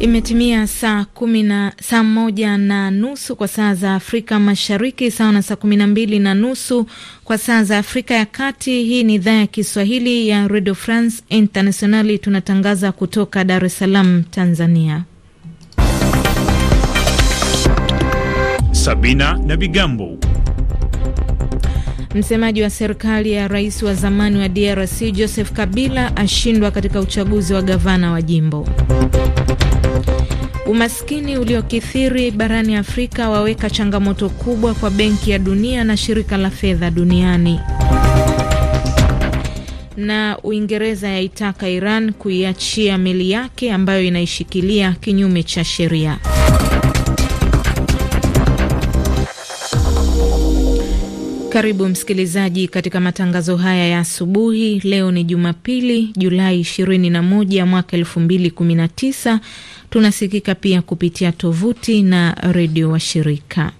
Imetimia saa kumi na saa moja na nusu kwa saa za Afrika Mashariki, sawa na saa kumi na mbili na nusu kwa saa za Afrika ya Kati. Hii ni idhaa ya Kiswahili ya Radio France Internationali, tunatangaza kutoka Dar es Salaam, Tanzania. Sabina na Bigambo. Msemaji wa serikali ya rais wa zamani wa DRC Joseph Kabila ashindwa katika uchaguzi wa gavana wa jimbo Umaskini uliokithiri barani Afrika waweka changamoto kubwa kwa Benki ya Dunia na Shirika la Fedha Duniani. Na Uingereza yaitaka Iran kuiachia meli yake ambayo inaishikilia kinyume cha sheria. Karibu msikilizaji katika matangazo haya ya asubuhi. Leo ni Jumapili, Julai 21 mwaka 2019. Tunasikika pia kupitia tovuti na redio wa shirika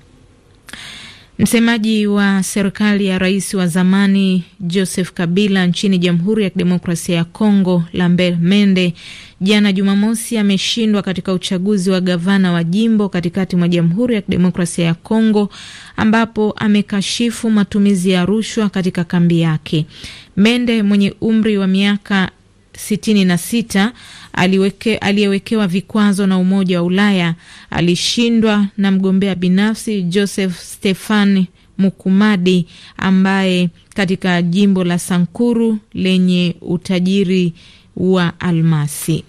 Msemaji wa serikali ya rais wa zamani Joseph Kabila nchini Jamhuri ya Kidemokrasia ya Kongo, Lambert Mende, jana Jumamosi, ameshindwa katika uchaguzi wa gavana wa jimbo katikati mwa Jamhuri ya Kidemokrasia ya Kongo, ambapo amekashifu matumizi ya rushwa katika kambi yake. Mende mwenye umri wa miaka 66 aliyewekewa vikwazo na Umoja wa Ulaya alishindwa na mgombea binafsi Joseph Stefan Mukumadi ambaye katika jimbo la Sankuru lenye utajiri wa almasi.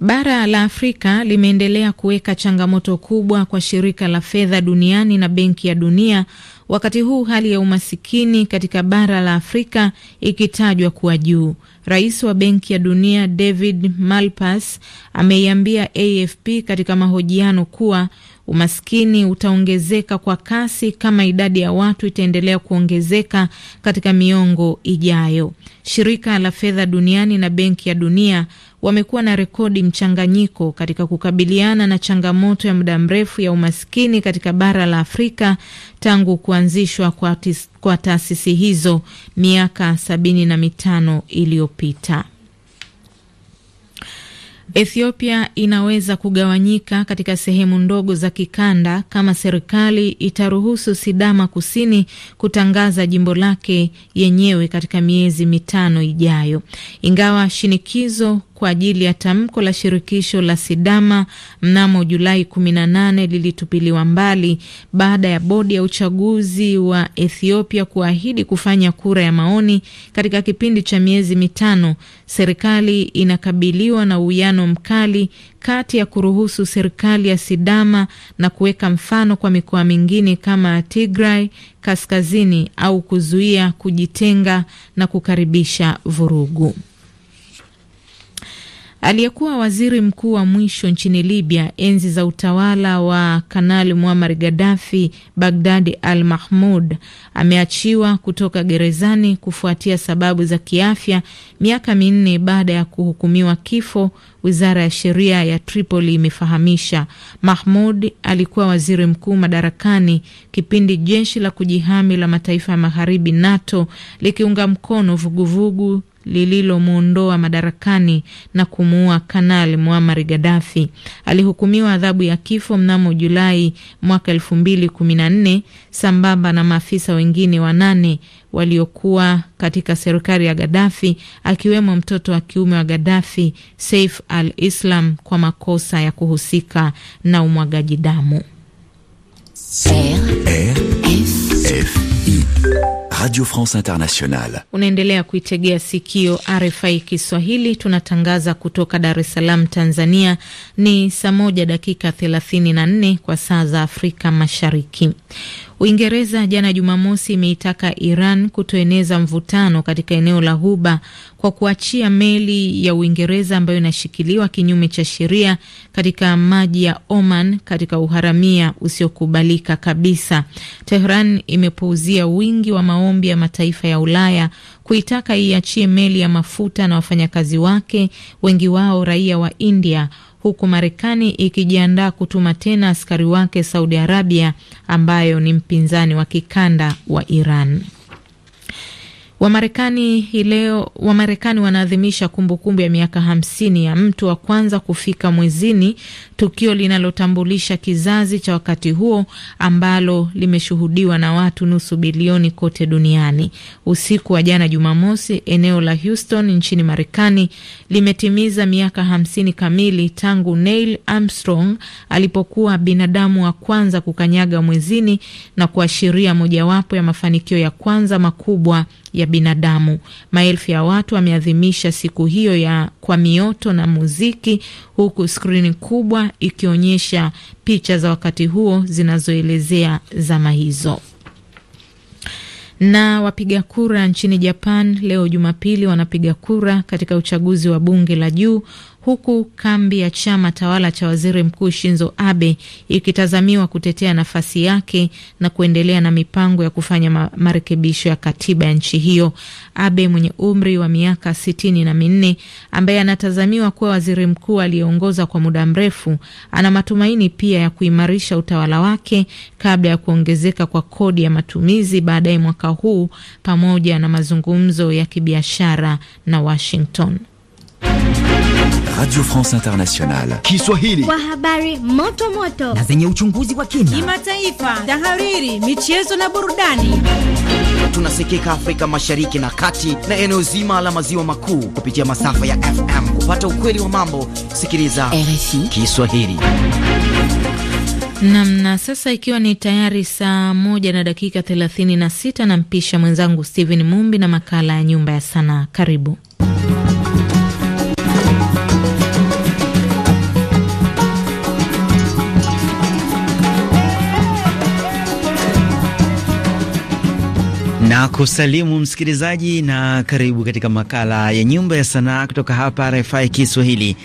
Bara la Afrika limeendelea kuweka changamoto kubwa kwa shirika la fedha duniani na Benki ya Dunia, wakati huu hali ya umasikini katika bara la Afrika ikitajwa kuwa juu. Rais wa Benki ya Dunia David Malpass ameiambia AFP katika mahojiano kuwa umaskini utaongezeka kwa kasi kama idadi ya watu itaendelea kuongezeka katika miongo ijayo. Shirika la fedha duniani na Benki ya Dunia wamekuwa na rekodi mchanganyiko katika kukabiliana na changamoto ya muda mrefu ya umaskini katika bara la Afrika tangu kuanzishwa kwa, kwa taasisi hizo miaka sabini na mitano iliyopita. Ethiopia inaweza kugawanyika katika sehemu ndogo za kikanda kama serikali itaruhusu Sidama Kusini kutangaza jimbo lake yenyewe katika miezi mitano ijayo. Ingawa shinikizo kwa ajili ya tamko la shirikisho la Sidama mnamo Julai 18 lilitupiliwa mbali baada ya bodi ya uchaguzi wa Ethiopia kuahidi kufanya kura ya maoni katika kipindi cha miezi mitano. Serikali inakabiliwa na uwiano mkali kati ya kuruhusu serikali ya Sidama na kuweka mfano kwa mikoa mingine kama Tigray kaskazini au kuzuia kujitenga na kukaribisha vurugu. Aliyekuwa waziri mkuu wa mwisho nchini Libya enzi za utawala wa Kanali Muammar Gaddafi, Bagdadi Al Mahmud, ameachiwa kutoka gerezani kufuatia sababu za kiafya, miaka minne baada ya kuhukumiwa kifo, wizara ya sheria ya Tripoli imefahamisha. Mahmud alikuwa waziri mkuu madarakani kipindi jeshi la kujihami la mataifa ya magharibi NATO likiunga mkono vuguvugu lililomwondoa madarakani na kumuua kanal Muammar Gadafi. Alihukumiwa adhabu ya kifo mnamo Julai mwaka elfu mbili kumi na nne sambamba na maafisa wengine wanane waliokuwa katika serikali ya Gadafi, akiwemo mtoto wa kiume wa Gadafi Saif al-Islam kwa makosa ya kuhusika na umwagaji damu. Radio France Internationale. Unaendelea kuitegea sikio RFI Kiswahili, tunatangaza kutoka Dar es Salaam, Tanzania. Ni saa moja dakika 34 kwa saa za Afrika Mashariki. Uingereza jana Jumamosi imeitaka Iran kutoeneza mvutano katika eneo la Ghuba kwa kuachia meli ya Uingereza ambayo inashikiliwa kinyume cha sheria katika maji ya Oman katika uharamia usiokubalika kabisa. Tehran imepuuzia wingi wa maombi ya mataifa ya Ulaya kuitaka iachie meli ya mafuta na wafanyakazi wake, wengi wao raia wa India huku Marekani ikijiandaa kutuma tena askari wake Saudi Arabia ambayo ni mpinzani wa kikanda wa Iran. Wamarekani hii leo, Wamarekani wanaadhimisha kumbukumbu ya miaka hamsini ya mtu wa kwanza kufika mwezini, tukio linalotambulisha kizazi cha wakati huo ambalo limeshuhudiwa na watu nusu bilioni kote duniani. Usiku wa jana Jumamosi, eneo la Houston nchini Marekani limetimiza miaka hamsini kamili tangu Neil Armstrong alipokuwa binadamu wa kwanza kukanyaga mwezini na kuashiria mojawapo ya mafanikio ya kwanza makubwa ya binadamu. Maelfu ya watu wameadhimisha siku hiyo ya kwa mioto na muziki, huku skrini kubwa ikionyesha picha za wakati huo zinazoelezea zama hizo. Na wapiga kura nchini Japan leo Jumapili wanapiga kura katika uchaguzi wa bunge la juu huku kambi ya chama tawala cha waziri mkuu Shinzo Abe ikitazamiwa kutetea nafasi yake na kuendelea na mipango ya kufanya marekebisho ya katiba ya nchi hiyo. Abe mwenye umri wa miaka sitini na minne ambaye anatazamiwa kuwa waziri mkuu aliyeongoza kwa muda mrefu, ana matumaini pia ya kuimarisha utawala wake kabla ya kuongezeka kwa kodi ya matumizi baadaye mwaka huu pamoja na mazungumzo ya kibiashara na Washington. Radio France Internationale. Kiswahili. Kwa habari moto moto na zenye uchunguzi wa kina, kimataifa, tahariri, michezo na burudani. Tunasikika Afrika Mashariki na Kati na eneo zima la maziwa makuu kupitia masafa ya FM. Kupata ukweli wa mambo, sikiliza RFI Kiswahili. Nam na sasa, ikiwa ni tayari saa moja na dakika 36, nampisha mwenzangu Steven Mumbi na makala ya nyumba ya sanaa. Karibu. na kusalimu msikilizaji na karibu katika makala ya nyumba ya sanaa kutoka hapa RFI Kiswahili.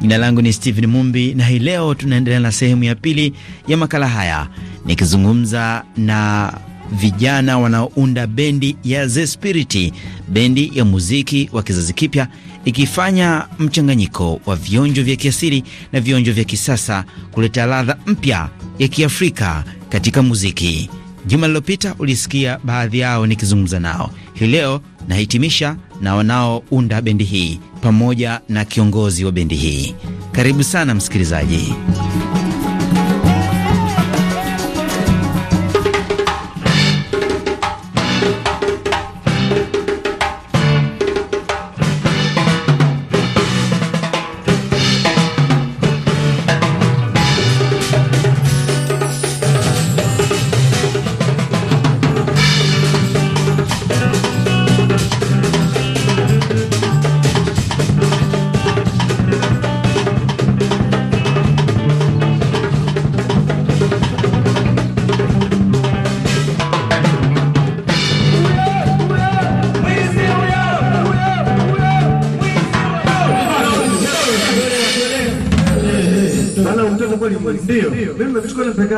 Jina langu ni Steven Mumbi na hii leo tunaendelea na sehemu ya pili ya makala haya nikizungumza na vijana wanaounda bendi ya The Spirit, bendi ya muziki wa kizazi kipya ikifanya mchanganyiko wa vionjo vya kiasili na vionjo vya kisasa kuleta ladha mpya ya Kiafrika katika muziki. Juma lililopita ulisikia baadhi yao nikizungumza nao. Hii leo nahitimisha na wanaounda bendi hii pamoja na kiongozi wa bendi hii. Karibu sana msikilizaji.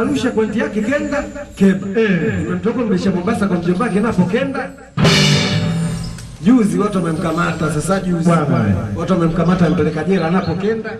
anarusha pointi yake kenda keba. Eh, Mtoko mbesha Mombasa kwa mjomba yake napo kenda. Juzi watu wamemkamata sasa, juzi watu wamemkamata, ampeleka jela napo kenda.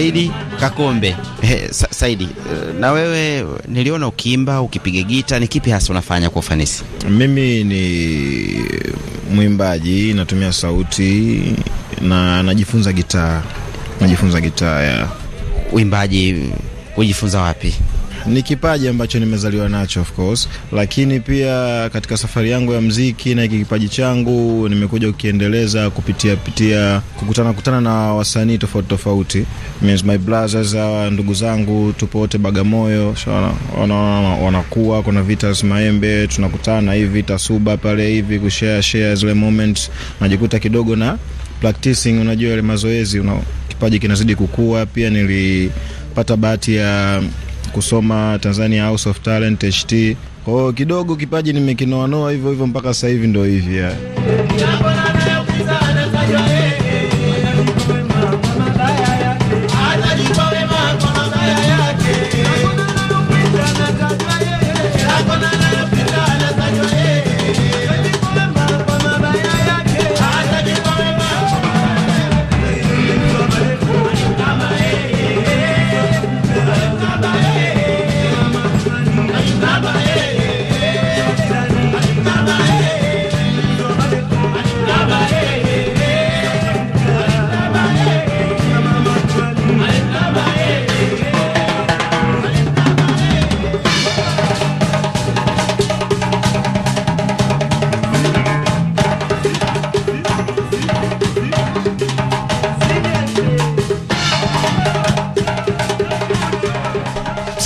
Saidi Kakombe. He, eh, sa Saidi, eh, na wewe niliona ukiimba ukipiga gita, ni kipi hasa unafanya kwa ufanisi? Mimi ni mwimbaji, natumia sauti na najifunza gitaa, najifunza gitaa ya uimbaji. Ujifunza wapi? Ni kipaji ambacho nimezaliwa nacho of course, lakini pia katika safari yangu ya mziki na hiki kipaji changu nimekuja kukiendeleza kupitia pitia kukutana kutana na wasanii tofauti tofauti, means my brothers, hawa ndugu zangu tupo wote Bagamoyo, wanaona wanakuwa kuna Vitas Maembe, tunakutana hivi Tasuba pale hivi kushare share zile moments, najikuta kidogo na practicing, unajua ile mazoezi una, kipaji kinazidi kukua. Pia nilipata bahati ya kusoma Tanzania House of Talent HT. Kwa hiyo kidogo kipaji nimekinoanoa hivyo hivyo mpaka sasa hivi ndo hivi ya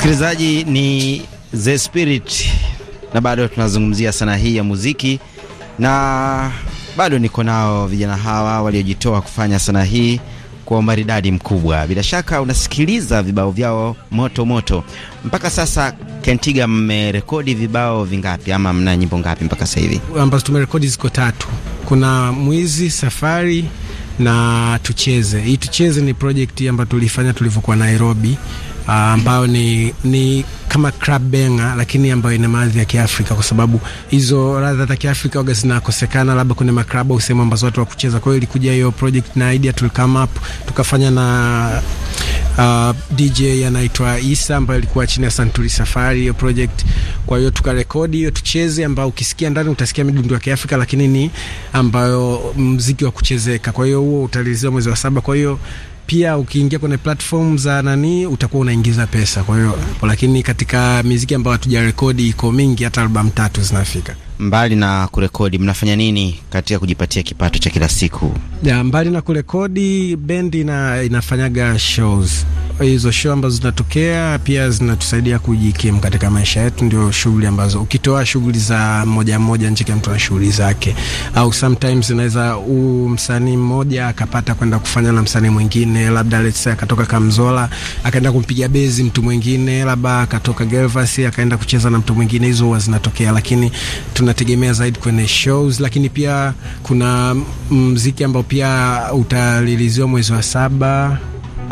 Msikilizaji, ni The Spirit na bado tunazungumzia sanaa hii ya muziki, na bado niko nao vijana hawa waliojitoa kufanya sanaa hii kwa umaridadi mkubwa. Bila shaka unasikiliza vibao vyao moto moto. Mpaka sasa Kentiga, mmerekodi vibao vingapi ama mna nyimbo ngapi mpaka sasa hivi? Ambazo tumerekodi ziko tatu, kuna Mwizi, Safari na Tucheze. Hii Tucheze ni project ambayo tulifanya tulivyokuwa Nairobi uh, ambayo ni, ni kama crab benga lakini ambayo ina maadhi ya Kiafrika kwa sababu hizo ladha za Kiafrika waga zinakosekana, labda kuna au usema ambazo watu wa kucheza. Kwa hiyo ilikuja hiyo project na idea tul come up tukafanya na uh, ah, DJ anaitwa Isa ambaye alikuwa chini ya Santuri Safari hiyo project. Kwa hiyo tukarekodi hiyo tucheze, ambayo ukisikia ndani utasikia midundo ya Kiafrika, lakini ni ambayo mziki wa kuchezeka. Kwa hiyo huo utaliziwa mwezi wa saba. Kwa hiyo pia ukiingia kwenye platform za nani utakuwa unaingiza pesa. Kwa hiyo lakini katika miziki ambayo hatujarekodi iko mingi, hata albamu tatu zinafika. Mbali na kurekodi, mnafanya nini katika kujipatia kipato cha kila siku? Ya, mbali na kurekodi, bendi ina, inafanyaga shows hizo show ambazo zinatokea pia zinatusaidia kujikimu katika maisha yetu, ndio shughuli ambazo ukitoa shughuli za moja moja, nje kila mtu ana shughuli zake, au sometimes inaweza huu msanii mmoja akapata kwenda kufanya na msanii mwingine, labda let's say akatoka Kamzola akaenda kumpiga bezi mtu mwingine, labda akatoka Gelvasi akaenda kucheza na mtu mwingine, hizo huwa zinatokea, lakini tunategemea zaidi kwenye shows, lakini pia kuna mziki ambao pia utaliliziwa mwezi wa saba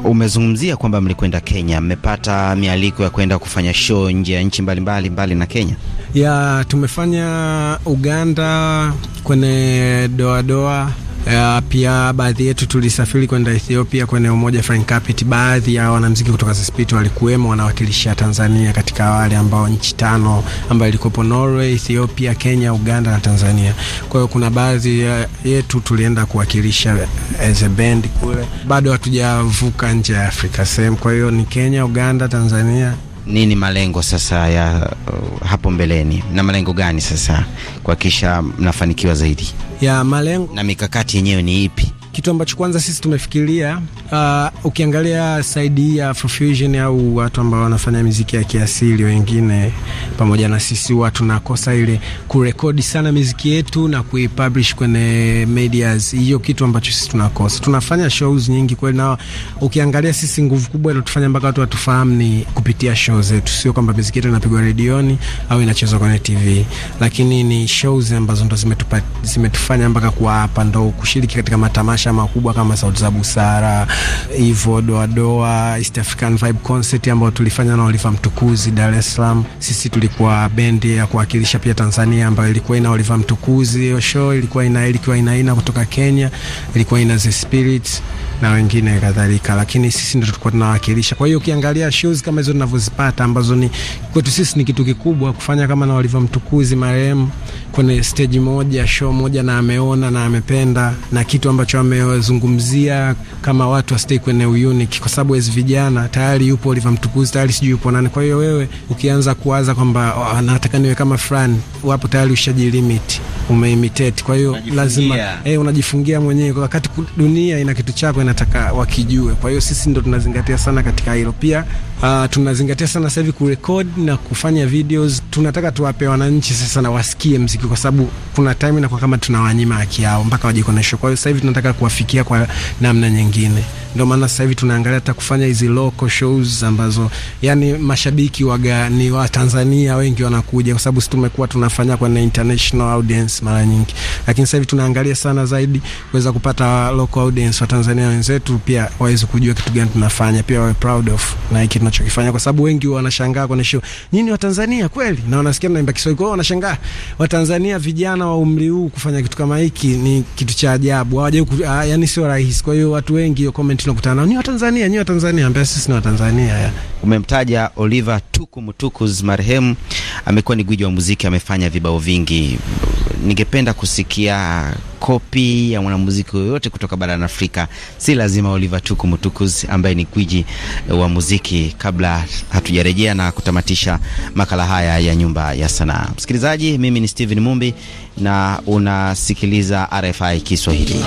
Umezungumzia kwamba mlikwenda Kenya, mmepata mialiko ya kwenda kufanya show nje ya nchi mbalimbali mbali na Kenya? Ya, tumefanya Uganda kwenye doadoa Uh, pia baadhi yetu tulisafiri kwenda Ethiopia kwenye umoja Frank Capit. Baadhi ya wanamuziki kutoka Zespit walikuwemo wanawakilisha Tanzania katika wale ambao nchi tano ambayo ilikuwepo Norway, Ethiopia, Kenya, Uganda na Tanzania. Kwa hiyo kuna baadhi yetu tulienda kuwakilisha as a band kule, bado hatujavuka nje ya Afrika sehemu. Kwa hiyo ni Kenya, Uganda, Tanzania nini malengo sasa ya uh, hapo mbeleni na malengo gani sasa kuhakikisha mnafanikiwa zaidi ya malengo na mikakati yenyewe ni ipi? kitu ambacho kwanza sisi tumefikiria uh, ukiangalia saidi ya Afrofusion au watu ambao wanafanya miziki ya kiasili wengine pamoja na sisi huwa tunakosa ile kurekodi sana miziki yetu na kuipublish kwenye medias. Hiyo kitu ambacho sisi tunakosa. Tunafanya shows nyingi kweli, na ukiangalia sisi nguvu kubwa inatufanya mpaka watu watufahamu ni kupitia show zetu, sio kwamba miziki yetu inapigwa redioni au inachezwa kwenye TV, lakini ni shows ambazo ndo zimetupa, zimetufanya mpaka kuwa hapa, ndo kushiriki katika matamasha matamasha makubwa kama Sauti za Busara, hivo Doadoa, East African Vibe Concert ambayo tulifanya na Oliver Mtukuzi Dar es Salaam. Sisi tulikuwa bendi ya kuwakilisha pia Tanzania ambayo ilikuwa ina Oliver Mtukuzi. Hiyo show ilikuwa ina Eric Wainaina kutoka Kenya, ilikuwa ina The Spirit na wengine kadhalika, lakini sisi ndio tulikuwa tunawakilisha. Kwa hiyo ukiangalia shows kama hizo tunavyozipata ambazo ni kwetu sisi ni kitu kikubwa kufanya kama na walivyo mtukuzi marehemu kwenye stage moja, show moja, na ameona na amependa na kitu ambacho amezungumzia, kama watu wastay kwenye unique, kwa sababu as vijana tayari yupo Mtukuzi, tayari, sijui yupo nani. Kwa hiyo wewe ukianza kuwaza kwamba oh, nataka niwe kama fulani, wapo tayari ushaji limit umeimitate. Kwa hiyo lazima eh, unajifungia mwenyewe, kwa wakati dunia ina kitu chako inataka wakijue. Kwa hiyo sisi ndo tunazingatia sana katika hilo pia. Uh, tunazingatia sana sasa hivi kurekod na kufanya videos. Tunataka tuwape wananchi sasa na wasikie mziki, kwa sababu kuna time inakuwa kama tunawanyima haki yao mpaka wajikoneshe. Kwa hiyo sasa hivi tunataka kuwafikia kwa namna nyingine. Ndio maana sasa hivi tunaangalia hata kufanya hizi local shows ambazo yani mashabiki waga ni wa Tanzania wengi wanakuja, kwa sababu sisi tumekuwa tunafanya kwa international audience mara nyingi, lakini sasa hivi tunaangalia sana zaidi kuweza kupata local audience wa Tanzania wenzetu pia waweze kujua kitu gani tunafanya, pia wawe proud of na hiki tunachokifanya, kwa sababu wengi wanashangaa kwenye show, nyinyi wa Tanzania kweli? Na wanasikia naimba Kiswahili, kwao wanashangaa wa Tanzania vijana wa umri huu kufanya kitu kama hiki ni kitu cha ajabu, hawajui ah, yani, sio rahisi. Kwa hiyo watu wengi hiyo comment tunakutana nao ni Watanzania, ni Watanzania ambaye sisi ni Watanzania. Umemtaja Oliver Tuku Mtukuz, marehemu amekuwa ni gwiji wa muziki, amefanya vibao vingi. Ningependa kusikia kopi ya mwanamuziki yoyote kutoka barani Afrika, si lazima Oliver Tuku Mtukuz ambaye ni gwiji wa muziki, kabla hatujarejea na kutamatisha makala haya ya Nyumba ya Sanaa. Msikilizaji, mimi ni Steven Mumbi na unasikiliza RFI Kiswahili.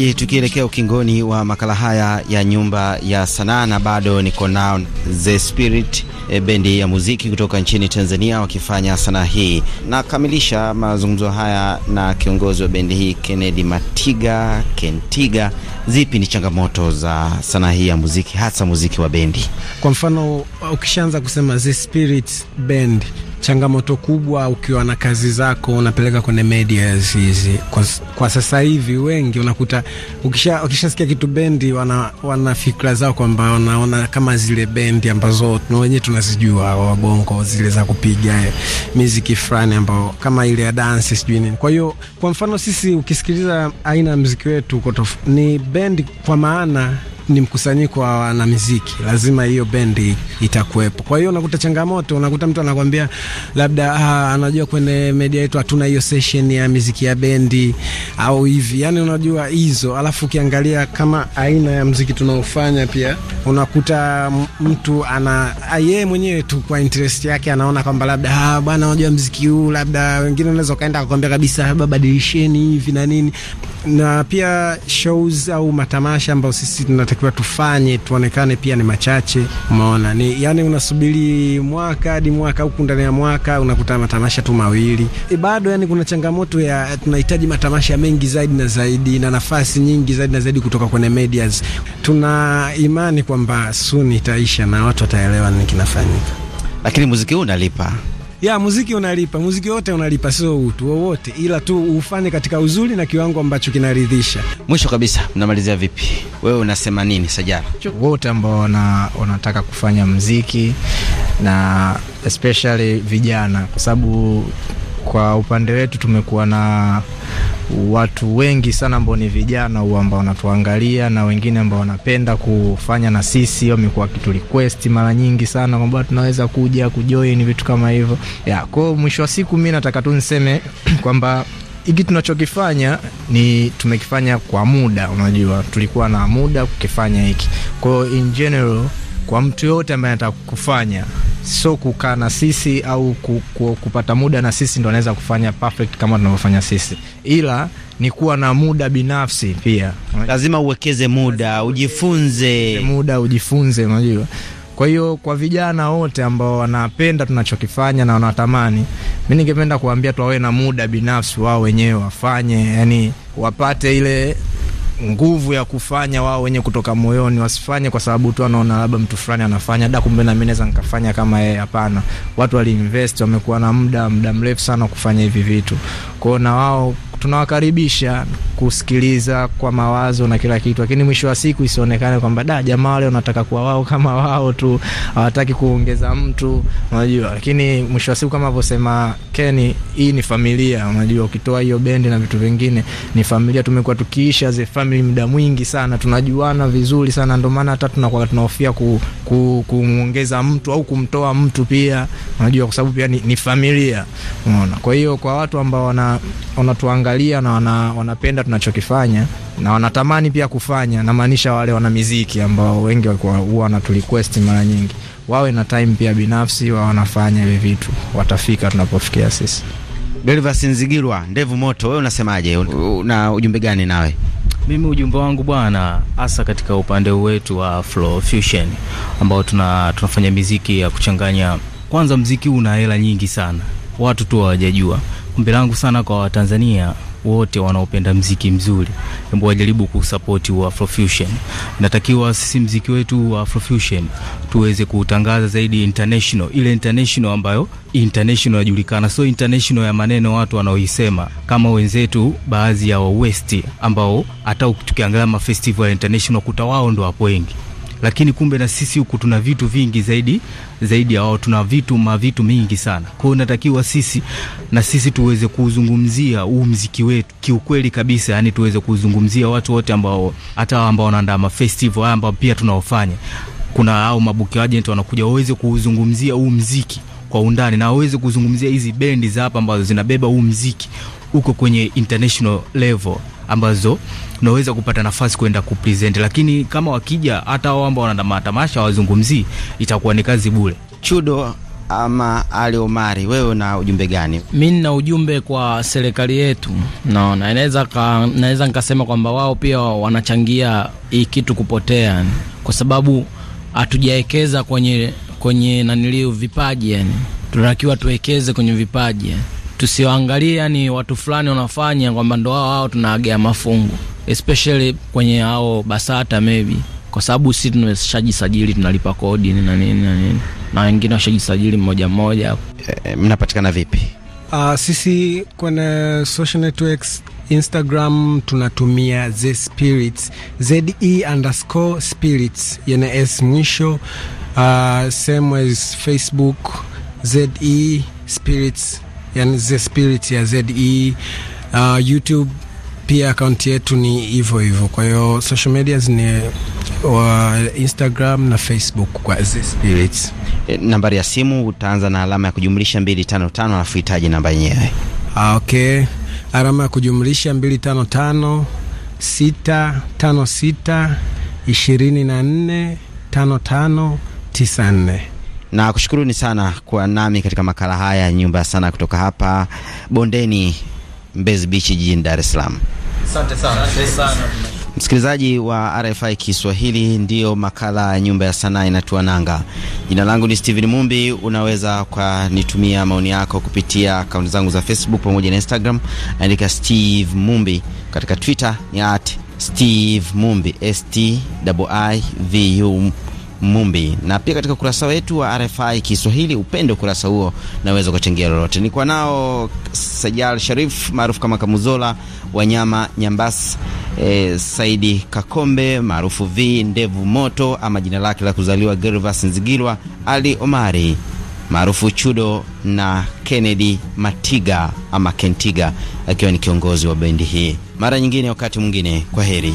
Msikilizaji, tukielekea ukingoni wa makala haya ya nyumba ya sanaa, na bado niko nao The Spirit, e, bendi ya muziki kutoka nchini Tanzania, wakifanya sanaa hii. Nakamilisha mazungumzo haya na kiongozi wa bendi hii Kennedy Matiga, Kentiga. Zipi ni changamoto za sanaa hii ya muziki, hasa muziki wa bendi? Kwa mfano ukishaanza kusema The Spirit Band changamoto kubwa ukiwa na kazi zako unapeleka kwenye media hizi kwa, kwa sasa hivi wengi unakuta ukisha, ukishasikia kitu bendi wana, wana fikra zao kwamba wanaona kama zile bendi ambazo wenyewe tunazijua wabongo zile za kupiga eh, miziki fulani ambao kama ile ya dansi sijui nini. Kwa hiyo kwa mfano sisi ukisikiliza aina ya mziki wetu ni bendi kwa maana ni mkusanyiko wa wanamuziki, lazima hiyo bendi itakuwepo. Kwa hiyo unakuta changamoto, unakuta mtu anakwambia labda ah, anajua kwenye media yetu hatuna hiyo session ya muziki ya bendi au hivi, yani unajua hizo. Alafu ukiangalia kama aina ya muziki tunaofanya pia unakuta mtu ana ah, yeye mwenyewe tu kwa interest yake anaona kwamba labda ah, bwana, unajua muziki huu labda wengine unaweza kaenda akakwambia kabisa, baba badilisheni hivi na nini na pia shows au matamasha ambayo sisi tunatakiwa tufanye tuonekane pia ni machache. Umeona ni yani, unasubiri mwaka hadi mwaka huku ndani ya mwaka unakuta matamasha tu mawili e, bado yani kuna changamoto ya tunahitaji matamasha mengi zaidi na zaidi na nafasi nyingi zaidi na zaidi kutoka kwenye medias. Tuna imani kwamba soon itaisha na watu wataelewa nini kinafanyika, lakini muziki huu unalipa ya muziki unalipa, muziki wote unalipa, sio utu wowote, ila tu ufanye katika uzuri na kiwango ambacho kinaridhisha. Mwisho kabisa, mnamalizia vipi? Wewe unasema nini Sajara? Wote ambao wanataka kufanya muziki na especially vijana, kwa sababu kwa upande wetu tumekuwa na watu wengi sana ambao ni vijana huwa ambao wanatuangalia na wengine ambao wanapenda kufanya na sisi, wamekuwa kitu request mara nyingi sana kwamba tunaweza kuja kujoin vitu kama hivyo ya kwa Mwisho wa siku, mi nataka tu niseme kwamba hiki tunachokifanya ni tumekifanya kwa muda. Unajua, tulikuwa na muda kukifanya hiki kwao in general kwa mtu yoyote ambaye anataka kufanya, sio kukaa na sisi au kupata muda na sisi ndo anaweza kufanya perfect kama tunavyofanya sisi, ila ni kuwa na muda binafsi pia. Lazima uwekeze muda, ujifunze muda, ujifunze, unajua. Kwa hiyo kwa vijana wote ambao wanapenda tunachokifanya na wanatamani, mi ningependa kuambia tuwawe na muda binafsi wao wenyewe wafanye, yani wapate ile nguvu ya kufanya wao wenye kutoka moyoni, wasifanye kwa sababu tu anaona labda mtu fulani anafanya da, kumbe na mimi naweza nikafanya kama yeye. Hapana, watu waliinvest, wamekuwa na muda muda mrefu sana kufanya hivi vitu kwao, na wao tunawakaribisha kusikiliza kwa mawazo na kila kitu, lakini mwisho wa siku isionekane kwamba da jamaa wale wanataka kuwa wao kama wao tu, hawataki kuongeza mtu, unajua. Lakini mwisho wa siku kama alivyosema Keni, hii ni familia, unajua, ukitoa hiyo bendi na vitu vingine, ni familia. Tumekuwa tukiisha as a family muda mwingi sana, tunajuana vizuri sana, ndio maana hata tunakuwa tunahofia ku, ku, kumwongeza mtu au kumtoa mtu pia, unajua, kwa sababu pia ni, ni familia, unaona. Kwa hiyo kwa watu ambao wana wanatuangalia wanatuangalia na wana, wanapenda tunachokifanya na wanatamani pia kufanya, namaanisha wale wana miziki ambao wengi walikuwa huwa wanaturequest mara nyingi, wawe na time pia binafsi, wao wanafanya hivi vitu, watafika tunapofikia sisi. Deliver Sinzigirwa, ndevu moto, wewe unasemaje? Una ujumbe gani nawe? Mimi ujumbe wangu bwana, hasa katika upande wetu wa Flow Fusion ambao tuna, tunafanya miziki ya kuchanganya. Kwanza mziki una hela nyingi sana, watu tu hawajajua ombi langu sana kwa Watanzania wote wanaopenda mziki mzuri, hebu wajaribu kusapoti wa Afrofusion. Natakiwa sisi mziki wetu wa Afrofusion tuweze kuutangaza zaidi international, ile international ambayo international inajulikana, so international ya maneno watu wanaoisema, kama wenzetu baadhi ya wa West ambao hata tukiangalia mafestival ya international kuta wao ndo wapo wengi lakini kumbe na sisi huku tuna vitu vingi zaidi zaidi ya wao, tuna vitu mavitu mingi sana. Kwa hiyo natakiwa sisi na sisi tuweze kuzungumzia huu mziki wetu kiukweli kabisa, yani tuweze kuzungumzia watu wote ambao hata ambao wanaandaa mafestival ambao pia tunaofanya kuna au mabuki agent wanakuja waweze kuuzungumzia huu mziki kwa undani na waweze kuzungumzia hizi bendi za hapa ambazo zinabeba huu mziki huko kwenye international level ambazo unaweza kupata nafasi kwenda kupresent, lakini kama wakija hata wao ambao wana matamasha wazungumzii, itakuwa ni kazi bure. Chudo ama Ali Omari, wewe una ujumbe gani? Mi nina ujumbe kwa serikali yetu, naona inaweza naweza nikasema kwamba wao pia wanachangia hii kitu kupotea, kwa sababu hatujawekeza kwenye kwenye naniliu vipaji, yani tunatakiwa tuwekeze kwenye vipaji yani tusiwaangalie yani watu fulani wanafanya kwamba ndo hao hao tunaagea mafungu, especially kwenye hao BASATA maybe, kwa sababu si tumeshajisajili tunalipa kodi na nini na nini, na wengine washajisajili mmoja mmoja. E, mnapatikana vipi? Uh, sisi kwenye social networks Instagram tunatumia the spirits ze underscore spirits yana s mwisho. Uh, same as Facebook ze spirits yani ze spirit ya ZE uh, YouTube pia akaunti yetu ni hivyo hivyo. Kwa hiyo social media ni wa uh, Instagram na Facebook kwa ze spirit. E, nambari ya simu utaanza na alama ya kujumlisha 255 alafu itaje namba yenyewe. Ah, okay. Alama ya kujumlisha 255 656 tano tisa nne na kushukuruni sana kwa nami katika makala haya ya nyumba sana kutoka hapa bondeni Mbezi Beach jijini Dar es Salaam. Asante sana. Asante sana. Msikilizaji wa RFI Kiswahili, ndiyo makala ya nyumba ya sanaa inatua nanga. Jina langu ni Steven Mumbi. Unaweza kwanitumia maoni yako kupitia akaunti zangu za Facebook pamoja na Instagram, andika Steve Mumbi. Katika Twitter ni at Steve Mumbi, S Mumbi, na pia katika ukurasa wetu wa RFI Kiswahili upende ukurasa huo, naweza kuchangia lolote. Nilikuwa nao Sajal Sharif maarufu kama Kamuzola, Wanyama Nyambas, e, Saidi Kakombe maarufu V Ndevu Moto ama jina lake la kuzaliwa Gervas Nzigilwa, Ali Omari maarufu Chudo na Kennedy Matiga ama Kentiga, akiwa ni kiongozi wa bendi hii. Mara nyingine, wakati mwingine, kwa heri.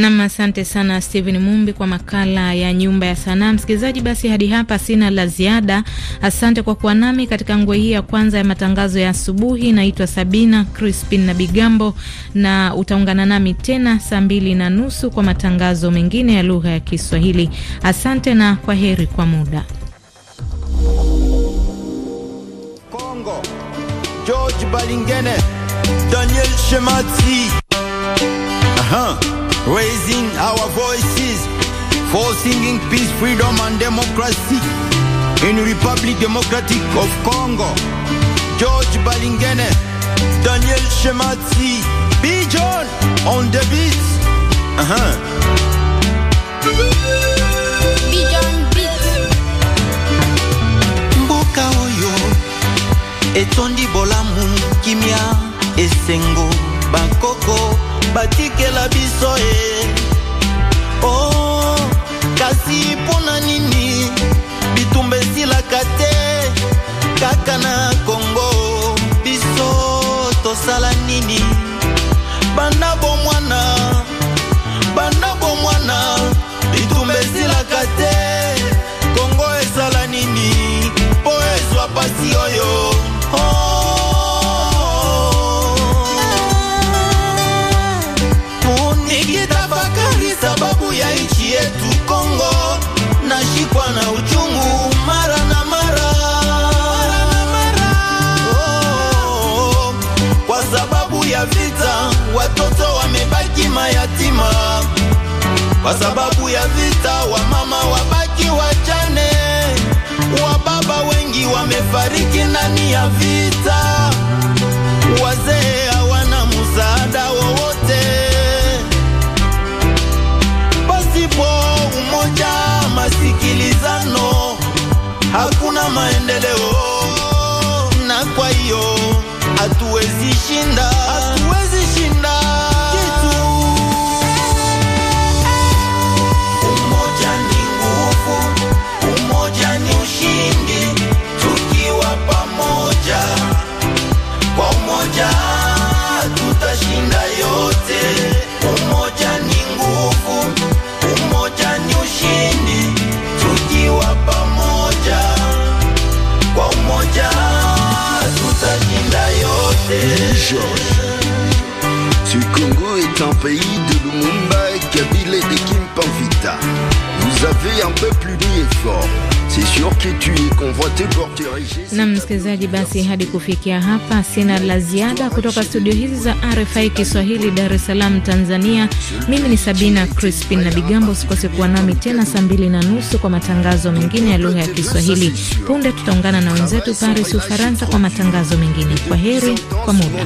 Nam, asante sana stehen Mumbi kwa makala ya nyumba ya sanaa. Msikilizaji, basi hadi hapa sina la ziada. Asante kwa kuwa nami katika nguo hii ya kwanza ya matangazo ya asubuhi. Naitwa Sabina Crispin na Bigambo, na utaungana nami tena saa mbili na nusu kwa matangazo mengine ya lugha ya Kiswahili. Asante na kwa heri kwa muda. Kongo, George Balingene, Daniel Shemati. Aha raising our voices for singing peace, freedom, and democracy in Republic Democratic of Congo. George Balingene, Daniel Shemati, B. John on the beat. Uh-huh. oyo etondi bolamu kimia esengo bakoko batikela biso e oh, kasi mpona nini bitumba esilaka te kaka na kongo biso tosala nini banda bomwana banda bomwana bitumba esilaka te watoto wamebaki mayatima kwa sababu ya vita, wamama wabaki wajane, wababa wengi wamefariki ndani ya vita, wazee hawana msaada wowote. Pasipo umoja, masikilizano, hakuna maendeleo, na kwa hiyo hatuwezi shinda, hatuwezi pays de Lumumba et Kabila et de Kimpavita. Vous avez un peu plus mis effort. Na msikilizaji, basi hadi kufikia hapa sina la ziada kutoka studio hizi za RFI Kiswahili, Dar es Salaam, Tanzania. Mimi ni Sabina Crispin na Bigambo. Usikose kuwa nami tena saa mbili na nusu kwa matangazo mengine ya lugha ya Kiswahili. Punde tutaungana na wenzetu Paris, Ufaransa, kwa matangazo mengine. Kwa heri kwa muda.